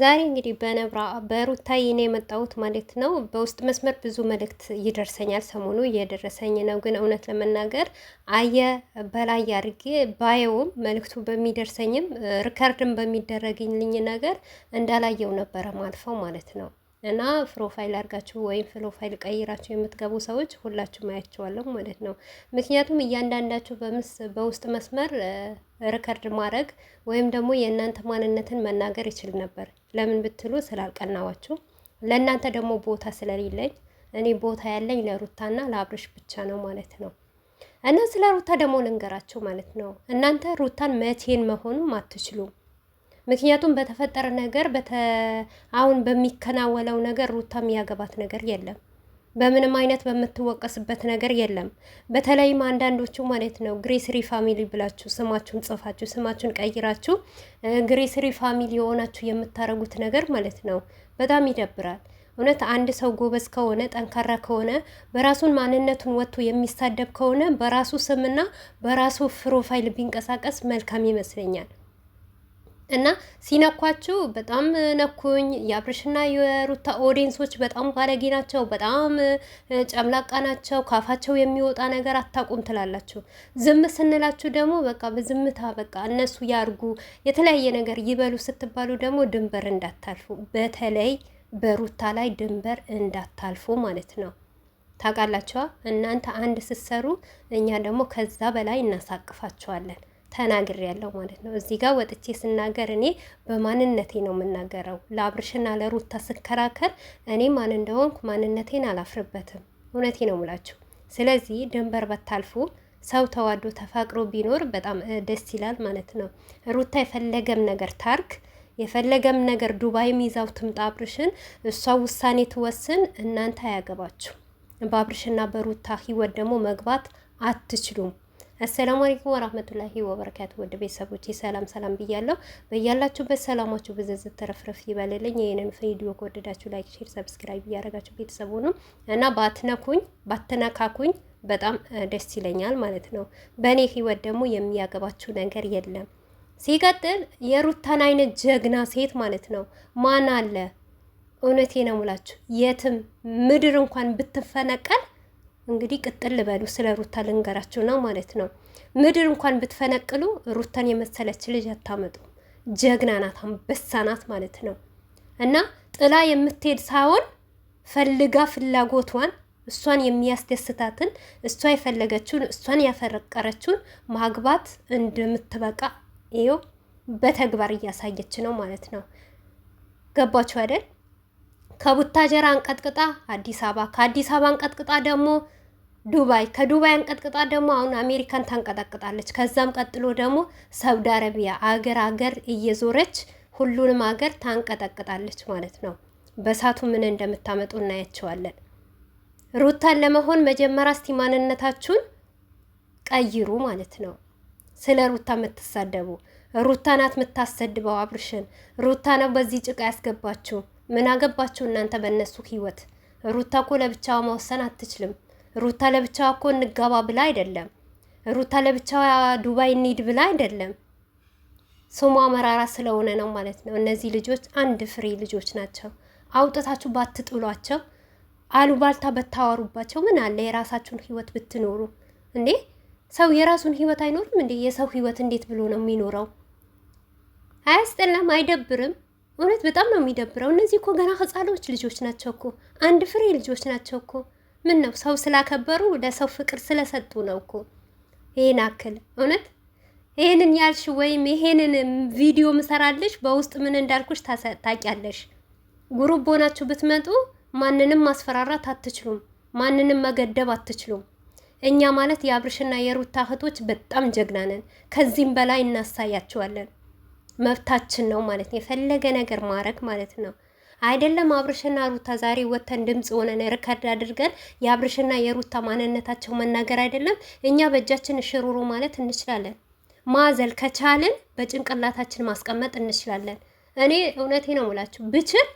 ዛሬ እንግዲህ በነብራ በሩታዬ ነው የመጣሁት ማለት ነው። በውስጥ መስመር ብዙ መልእክት ይደርሰኛል ሰሞኑ እየደረሰኝ ነው። ግን እውነት ለመናገር አየ በላይ አድርጌ ባየውም መልእክቱ በሚደርሰኝም ሪከርድም በሚደረግልኝ ነገር እንዳላየው ነበረ ማልፈው ማለት ነው። እና ፕሮፋይል አድርጋችሁ ወይም ፕሮፋይል ቀይራችሁ የምትገቡ ሰዎች ሁላችሁ ማያቸዋለሁ ማለት ነው። ምክንያቱም እያንዳንዳችሁ በውስጥ መስመር ሪከርድ ማድረግ ወይም ደግሞ የእናንተ ማንነትን መናገር ይችል ነበር። ለምን ብትሉ ስላልቀናዋቸው ለእናንተ ደግሞ ቦታ ስለሌለኝ እኔ ቦታ ያለኝ ለሩታና ለአብርሽ ብቻ ነው ማለት ነው። እና ስለ ሩታ ደግሞ ልንገራቸው ማለት ነው። እናንተ ሩታን መቼን መሆኑም አትችሉም። ምክንያቱም በተፈጠረ ነገር አሁን በሚከናወነው ነገር ሩታ የሚያገባት ነገር የለም። በምንም አይነት በምትወቀስበት ነገር የለም። በተለይም አንዳንዶቹ ማለት ነው ግሬስሪ ፋሚሊ ብላችሁ ስማችሁን ጽፋችሁ ስማችሁን ቀይራችሁ ግሬስሪ ፋሚሊ የሆናችሁ የምታረጉት ነገር ማለት ነው በጣም ይደብራል። እውነት አንድ ሰው ጎበዝ ከሆነ ጠንካራ ከሆነ በራሱን ማንነቱን ወጥቶ የሚሳደብ ከሆነ በራሱ ስምና በራሱ ፕሮፋይል ቢንቀሳቀስ መልካም ይመስለኛል። እና ሲነኳችሁ በጣም ነኩኝ። የአብርሽና የሩታ ኦዲንሶች በጣም ባለጌ ናቸው፣ በጣም ጨምላቃ ናቸው፣ ካፋቸው የሚወጣ ነገር አታቁም ትላላችሁ። ዝም ስንላችሁ ደግሞ በቃ በዝምታ በቃ እነሱ ያርጉ የተለያየ ነገር ይበሉ ስትባሉ ደግሞ ድንበር እንዳታልፉ፣ በተለይ በሩታ ላይ ድንበር እንዳታልፉ ማለት ነው። ታውቃላችኋ እናንተ አንድ ስትሰሩ፣ እኛ ደግሞ ከዛ በላይ እናሳቅፋችኋለን። ተናግር ያለው ማለት ነው። እዚህ ጋር ወጥቼ ስናገር እኔ በማንነቴ ነው የምናገረው። ለአብርሽና ለሩታ ስከራከር እኔ ማን እንደሆንኩ ማንነቴን አላፍርበትም። እውነቴ ነው ሙላችሁ። ስለዚህ ድንበር በታልፉ ሰው ተዋዶ ተፋቅሮ ቢኖር በጣም ደስ ይላል ማለት ነው። ሩታ የፈለገም ነገር ታርክ የፈለገም ነገር ዱባይም ይዛው ትምጣ አብርሽን፣ እሷ ውሳኔ ትወስን፣ እናንተ አያገባችሁ። በአብርሽና በሩታ ህይወት ደግሞ መግባት አትችሉም። አሰላሙ አለይኩም ወራህመቱላሂ ወበረካቱ። ወደ ቤተሰቦች ሰላም ሰላም ብያለሁ። በያላችሁበት ሰላማችሁ ብዝዝት ተረፍረፍ ይበልልኝ። ይሄንን ቪዲዮ ከወደዳችሁ ላይክ፣ ሼር፣ ሰብስክራይብ እያደረጋችሁ ቤተሰቡ ነው እና ባትነኩኝ ባትነካኩኝ በጣም ደስ ይለኛል ማለት ነው። በእኔ ህይወት ደግሞ የሚያገባችሁ ነገር የለም። ሲቀጥል የሩታን አይነት ጀግና ሴት ማለት ነው ማን አለ? እውነቴ ነው ሙላችሁ የትም ምድር እንኳን ብትፈነቀል እንግዲህ ቅጥል ልበሉ ስለ ሩታ ነው ማለት ነው። ምድር እንኳን ብትፈነቅሉ ሩታን የመሰለች ልጅ አታመጡ። ጀግና ናት፣ አንበሳ ናት ማለት ነው። እና ጥላ የምትሄድ ሳይሆን ፈልጋ ፍላጎቷን እሷን የሚያስደስታትን እሷ የፈለገችውን እሷን ያፈረቀረችውን ማግባት እንደምትበቃ ይኸው በተግባር እያሳየች ነው ማለት ነው። ገባችሁ አይደል? ከቡታጀራ አንቀጥቅጣ አዲስ አበባ፣ ከአዲስ አበባ አንቀጥቅጣ ደግሞ ዱባይ፣ ከዱባይ አንቀጥቅጣ ደግሞ አሁን አሜሪካን ታንቀጠቅጣለች። ከዛም ቀጥሎ ደግሞ ሳውዲ አረቢያ አገር አገር እየዞረች ሁሉንም አገር ታንቀጠቅጣለች ማለት ነው። በሳቱ ምን እንደምታመጡ እናያቸዋለን። ሩታን ለመሆን መጀመሪያ እስቲ ማንነታችሁን ቀይሩ ማለት ነው። ስለ ሩታ የምትሳደቡ ሩታ ናት የምታሰድበው አብርሽን ሩታ ነው በዚህ ጭቃ ያስገባችሁ ምን አገባችሁ እናንተ በእነሱ ህይወት። ሩታ እኮ ለብቻዋ መወሰን አትችልም። ሩታ ለብቻዋ እኮ እንጋባ ብላ አይደለም። ሩታ ለብቻዋ ዱባይ እንሂድ ብላ አይደለም። ስሟ መራራ ስለሆነ ነው ማለት ነው። እነዚህ ልጆች አንድ ፍሬ ልጆች ናቸው። አውጥታችሁ ባትጥሏቸው፣ አሉባልታ በታዋሩባቸው ምን አለ? የራሳችሁን ህይወት ብትኖሩ እንዴ። ሰው የራሱን ህይወት አይኖርም እንዴ? የሰው ህይወት እንዴት ብሎ ነው የሚኖረው? አያስጠላም? አይደብርም? እውነት በጣም ነው የሚደብረው። እነዚህ እኮ ገና ህፃኖች ልጆች ናቸው እኮ አንድ ፍሬ ልጆች ናቸው እኮ። ምን ነው ሰው ስላከበሩ ለሰው ፍቅር ስለሰጡ ነው እኮ ይህን አክል። እውነት ይህንን ያልሽ ወይም ይሄንን ቪዲዮ ምሰራልሽ በውስጥ ምን እንዳልኩሽ ታውቂያለሽ። ጉሩብ ሆናችሁ ብትመጡ ማንንም ማስፈራራት አትችሉም፣ ማንንም መገደብ አትችሉም። እኛ ማለት የአብርሽና የሩታ እህቶች በጣም ጀግና ነን። ከዚህም በላይ እናሳያችኋለን። መብታችን ነው ማለት ነው፣ የፈለገ ነገር ማድረግ ማለት ነው። አይደለም አብርሽና ሩታ ዛሬ ወተን ድምፅ ሆነን ሪከርድ አድርገን የአብርሽና የሩታ ማንነታቸው መናገር አይደለም እኛ በእጃችን ሽሩሩ ማለት እንችላለን። ማዘል ከቻልን በጭንቅላታችን ማስቀመጥ እንችላለን። እኔ እውነቴ ነው ሙላችሁ ብችል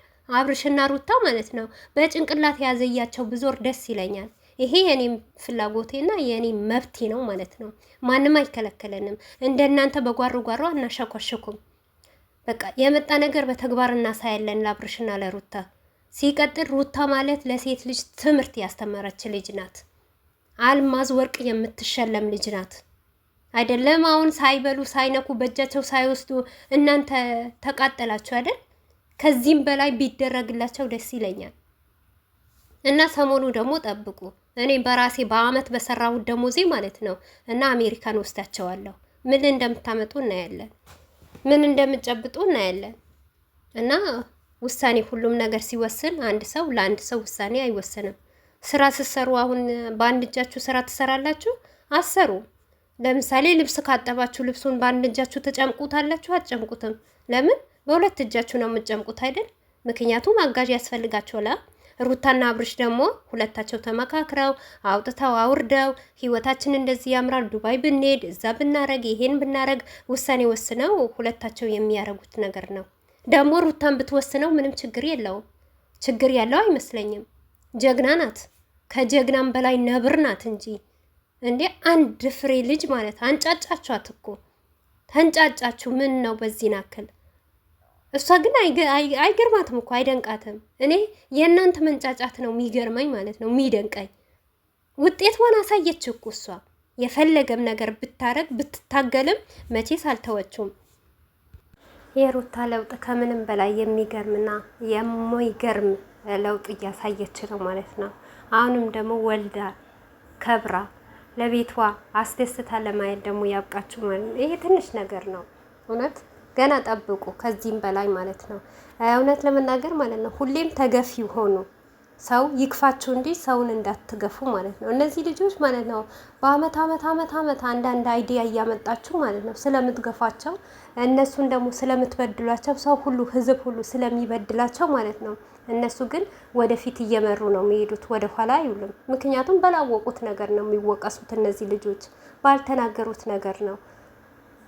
አብርሽና ሩታ ማለት ነው በጭንቅላት ያዘያቸው ብዞር ደስ ይለኛል። ይሄ የኔ ፍላጎቴና የኔ መብቴ ነው ማለት ነው። ማንም አይከለከለንም። እንደናንተ በጓሮ ጓሮ አናሸኳሸኩም። በቃ የመጣ ነገር በተግባር እናሳያለን ለአብርሽና ለሩታ። ሲቀጥል ሩታ ማለት ለሴት ልጅ ትምህርት ያስተመረች ልጅ ናት። አልማዝ ወርቅ የምትሸለም ልጅ ናት። አይደለም አሁን ሳይበሉ ሳይነኩ በእጃቸው ሳይወስዱ እናንተ ተቃጠላችሁ አይደል? ከዚህም በላይ ቢደረግላቸው ደስ ይለኛል። እና ሰሞኑ ደግሞ ጠብቁ። እኔ በራሴ በአመት በሰራው ደሞዜ ማለት ነው እና አሜሪካን ወስዳቸዋለሁ። ምን እንደምታመጡ እናያለን፣ ምን እንደምጨብጡ እናያለን። እና ውሳኔ ሁሉም ነገር ሲወስን አንድ ሰው ለአንድ ሰው ውሳኔ አይወስንም። ስራ ስትሰሩ አሁን በአንድ እጃችሁ ስራ ትሰራላችሁ አሰሩ። ለምሳሌ ልብስ ካጠባችሁ ልብሱን በአንድ እጃችሁ ትጨምቁታላችሁ? አትጨምቁትም። ለምን? በሁለት እጃችሁ ነው የምትጨምቁት አይደል? ምክንያቱም አጋዥ ያስፈልጋችኋል። ሩታና አብርሽ ደግሞ ሁለታቸው ተመካክረው አውጥተው አውርደው ህይወታችን እንደዚህ ያምራል፣ ዱባይ ብንሄድ፣ እዛ ብናረግ፣ ይሄን ብናረግ ውሳኔ ወስነው ሁለታቸው የሚያረጉት ነገር ነው። ደግሞ ሩታን ብትወስነው ምንም ችግር የለውም። ችግር ያለው አይመስለኝም። ጀግና ናት፣ ከጀግናም በላይ ነብር ናት እንጂ እንዴ! አንድ ፍሬ ልጅ ማለት አንጫጫችኋት እኮ ተንጫጫችሁ። ምን ነው በዚህ ናክል እሷ ግን አይገርማትም እኮ አይደንቃትም። እኔ የእናንተ መንጫጫት ነው የሚገርመኝ ማለት ነው የሚደንቀኝ። ውጤቷን አሳየች እኮ እሷ። የፈለገም ነገር ብታረግ ብትታገልም መቼስ አልተወችውም። የሩታ ለውጥ ከምንም በላይ የሚገርምና የማይገርም ለውጥ እያሳየች ነው ማለት ነው። አሁንም ደግሞ ወልዳ ከብራ ለቤቷ አስደስታ ለማየት ደግሞ ያብቃችሁ ማለት ነው። ይሄ ትንሽ ነገር ነው እውነት ገና ጠብቁ፣ ከዚህም በላይ ማለት ነው። እውነት ለመናገር ማለት ነው ሁሌም ተገፊ ሆኑ። ሰው ይክፋችሁ እንጂ ሰውን እንዳትገፉ ማለት ነው። እነዚህ ልጆች ማለት ነው በአመት አመት አመት አመት አንዳንድ አይዲያ እያመጣችሁ ማለት ነው ስለምትገፋቸው፣ እነሱን ደግሞ ስለምትበድሏቸው፣ ሰው ሁሉ ህዝብ ሁሉ ስለሚበድላቸው ማለት ነው። እነሱ ግን ወደፊት እየመሩ ነው የሚሄዱት፣ ወደኋላ አይሉም። ምክንያቱም በላወቁት ነገር ነው የሚወቀሱት። እነዚህ ልጆች ባልተናገሩት ነገር ነው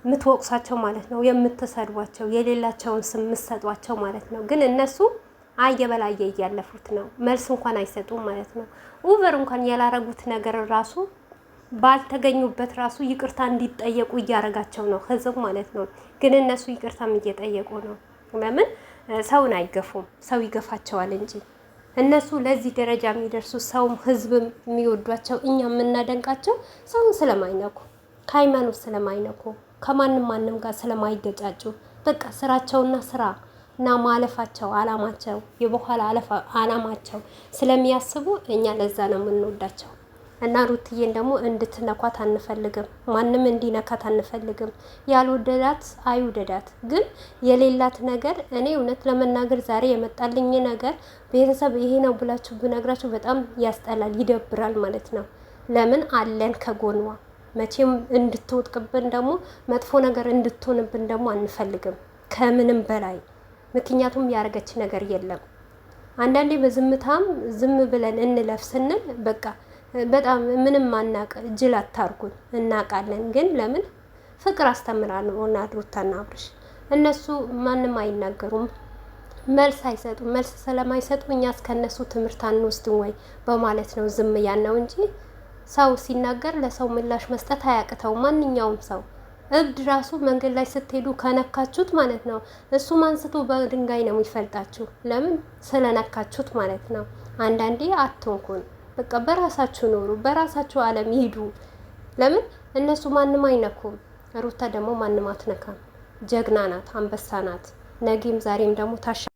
የምትወቅሷቸው ማለት ነው፣ የምትሰድቧቸው፣ የሌላቸውን ስም የምትሰጧቸው ማለት ነው። ግን እነሱ አየበላየ እያለፉት ነው። መልስ እንኳን አይሰጡም ማለት ነው። ኡቨር እንኳን ያላረጉት ነገር ራሱ ባልተገኙበት ራሱ ይቅርታ እንዲጠየቁ እያረጋቸው ነው ህዝብ ማለት ነው። ግን እነሱ ይቅርታም እየጠየቁ ነው። ለምን ሰውን አይገፉም? ሰው ይገፋቸዋል እንጂ እነሱ ለዚህ ደረጃ የሚደርሱ ሰውም ህዝብም የሚወዷቸው እኛ የምናደንቃቸው ሰውን ስለማይነኩ ከሃይማኖት ስለማይነኩ ከማንም ማንም ጋር ስለማይገጫጩ በቃ ስራቸውና ስራ እና ማለፋቸው አላማቸው የበኋላ አላማቸው ስለሚያስቡ እኛ ለዛ ነው የምንወዳቸው። እና ሩትዬን ደግሞ እንድትነኳት አንፈልግም። ማንም እንዲነካት አንፈልግም። ያልወደዳት አይውደዳት። ግን የሌላት ነገር እኔ እውነት ለመናገር ዛሬ የመጣልኝ ነገር ቤተሰብ ይሄ ነው ብላችሁ ብነግራችሁ በጣም ያስጠላል፣ ይደብራል ማለት ነው። ለምን አለን ከጎንዋ መቼም እንድትወጥቅብን ደግሞ መጥፎ ነገር እንድትሆንብን ደግሞ አንፈልግም ከምንም በላይ ምክንያቱም ያደረገች ነገር የለም። አንዳንዴ በዝምታም ዝም ብለን እንለፍ ስንል በቃ በጣም ምንም አናቅ ጅል አታርጉን እናቃለን። ግን ለምን ፍቅር አስተምራ ነው እና ሩታና አብርሽ እነሱ ማንም አይናገሩም፣ መልስ አይሰጡም። መልስ ስለማይሰጡ እኛ እነሱ ትምህርት አንወስድም ወይ በማለት ነው ዝም ያልነው እንጂ ሰው ሲናገር ለሰው ምላሽ መስጠት አያቅተው ማንኛውም ሰው እብድ ራሱ መንገድ ላይ ስትሄዱ ከነካችሁት ማለት ነው፣ እሱም አንስቶ በድንጋይ ነው የሚፈልጣችሁ። ለምን ስለነካችሁት ማለት ነው። አንዳንዴ አትንኩን፣ በቃ በራሳችሁ ኖሩ በራሳችሁ አለም ይሂዱ። ለምን እነሱ ማንም አይነኩም። ሩታ ደግሞ ማንም አትነካም። ጀግና ናት፣ አንበሳ ናት። ነጊም ዛሬም ደግሞ ታሻ